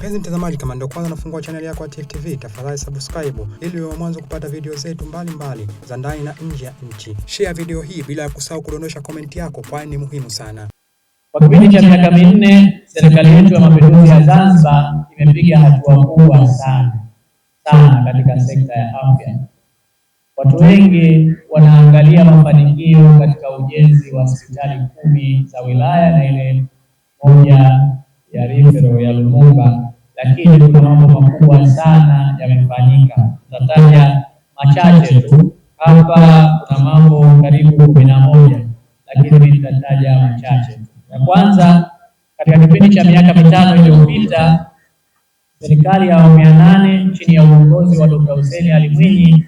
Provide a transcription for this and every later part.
Mpenzi mtazamaji, kama ndio kwanza nafungua chaneli yako ya Tifu TV, tafadhali subscribe ili uwe mwanzo kupata video zetu mbalimbali za ndani na nje ya nchi. Share video hii bila ya kusahau kudondosha komenti yako, kwani ni muhimu sana. Kwa kipindi cha miaka minne, serikali yetu ya mapinduzi ya Zanzibar imepiga hatua kubwa sana sana katika sekta ya afya. Watu wengi wanaangalia mafanikio katika ujenzi wa hospitali kumi za wilaya na ile moja ya rifero ya Lumumba lakini kuna mambo makubwa sana yamefanyika. Tutataja machache tu hapa, kuna mambo karibu kumi na moja, lakini nitataja machache Ya kwanza, katika kipindi cha miaka mitano iliyopita, serikali ya awamu ya nane chini ya uongozi wa Dkt. Hussein Ali Mwinyi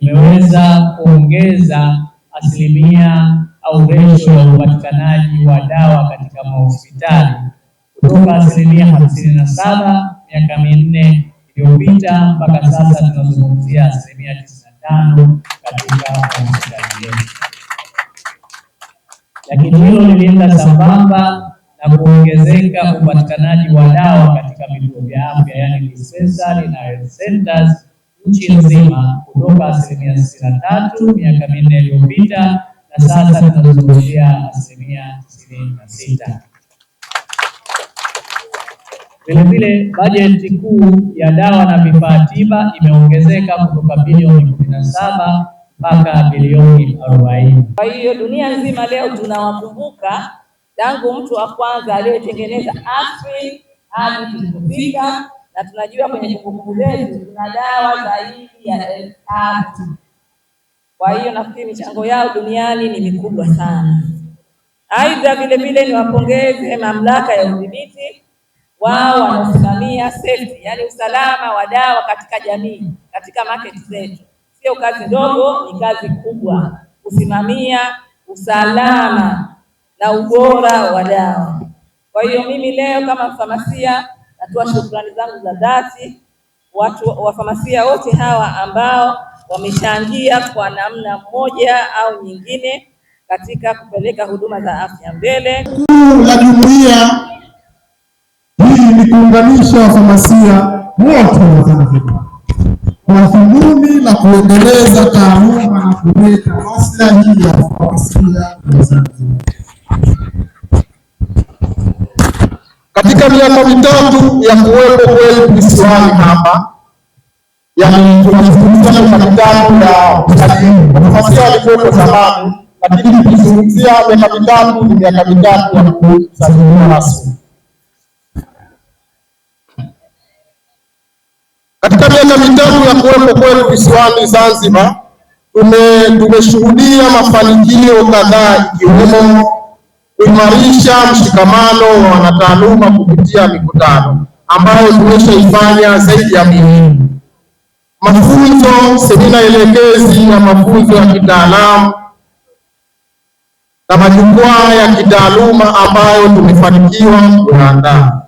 imeweza kuongeza asilimia au resho ya upatikanaji wa dawa katika mahospitali kutoka asilimia hamsini na saba miaka iliyopita mpaka sasa tunazungumzia asilimia la katika hospitali lakini hilo lilienda sambamba na kuongezeka upatikanaji wa dawa katika vituo vya afya yani na health centers nchi nzima kutoka asilimia miaka minne iliyopita na sasa tunazungumzia asilimia Vilevile bajeti kuu ya dawa na vifaa tiba imeongezeka kutoka bilioni kumi na saba mpaka bilioni arobaini. Kwa hiyo dunia nzima leo tunawakumbuka tangu mtu wa kwanza aliyetengeneza aspirin hadi tulipofika, na tunajua kwenye kumbukumbu zetu tuna dawa zaidi ya elfu tatu. Kwa hiyo nafikiri michango yao duniani ni mikubwa sana. Aidha, vilevile niwapongeze mamlaka ya udhibiti wao wanasimamia safety, yani usalama wa dawa katika jamii, katika market zetu. Sio kazi ndogo, ni kazi kubwa kusimamia usalama na ubora wa dawa. Kwa hiyo mimi leo kama mfamasia natoa shukrani zangu za dhati watu wafamasia wote hawa ambao wamechangia kwa namna moja au nyingine katika kupeleka huduma za afya mbele ni kuunganisha wafamasia wote wa Zanzibar kwa dhumuni la kuendeleza taaluma na kuleta maslahi ya wafamasia wa Zanzibar. Katika miaka mitatu ya kuwepo kweli visiwani hapa yaizungumzia miaka mitatu wafamasia walikuwepo zamani, lakini kuzungumzia miaka mitatu ni miaka mitatu ya kusajiliwa rasmi kuwepo kwenu visiwani Zanzibar tumeshuhudia mafanikio kadhaa ikiwemo kuimarisha mshikamano wa wanataaluma kupitia mikutano ambayo tumeshaifanya zaidi ya miwili, mafunzo, semina elekezi ya mafunzo ya kitaalamu na majukwaa ya kitaaluma ambayo tumefanikiwa kuandaa.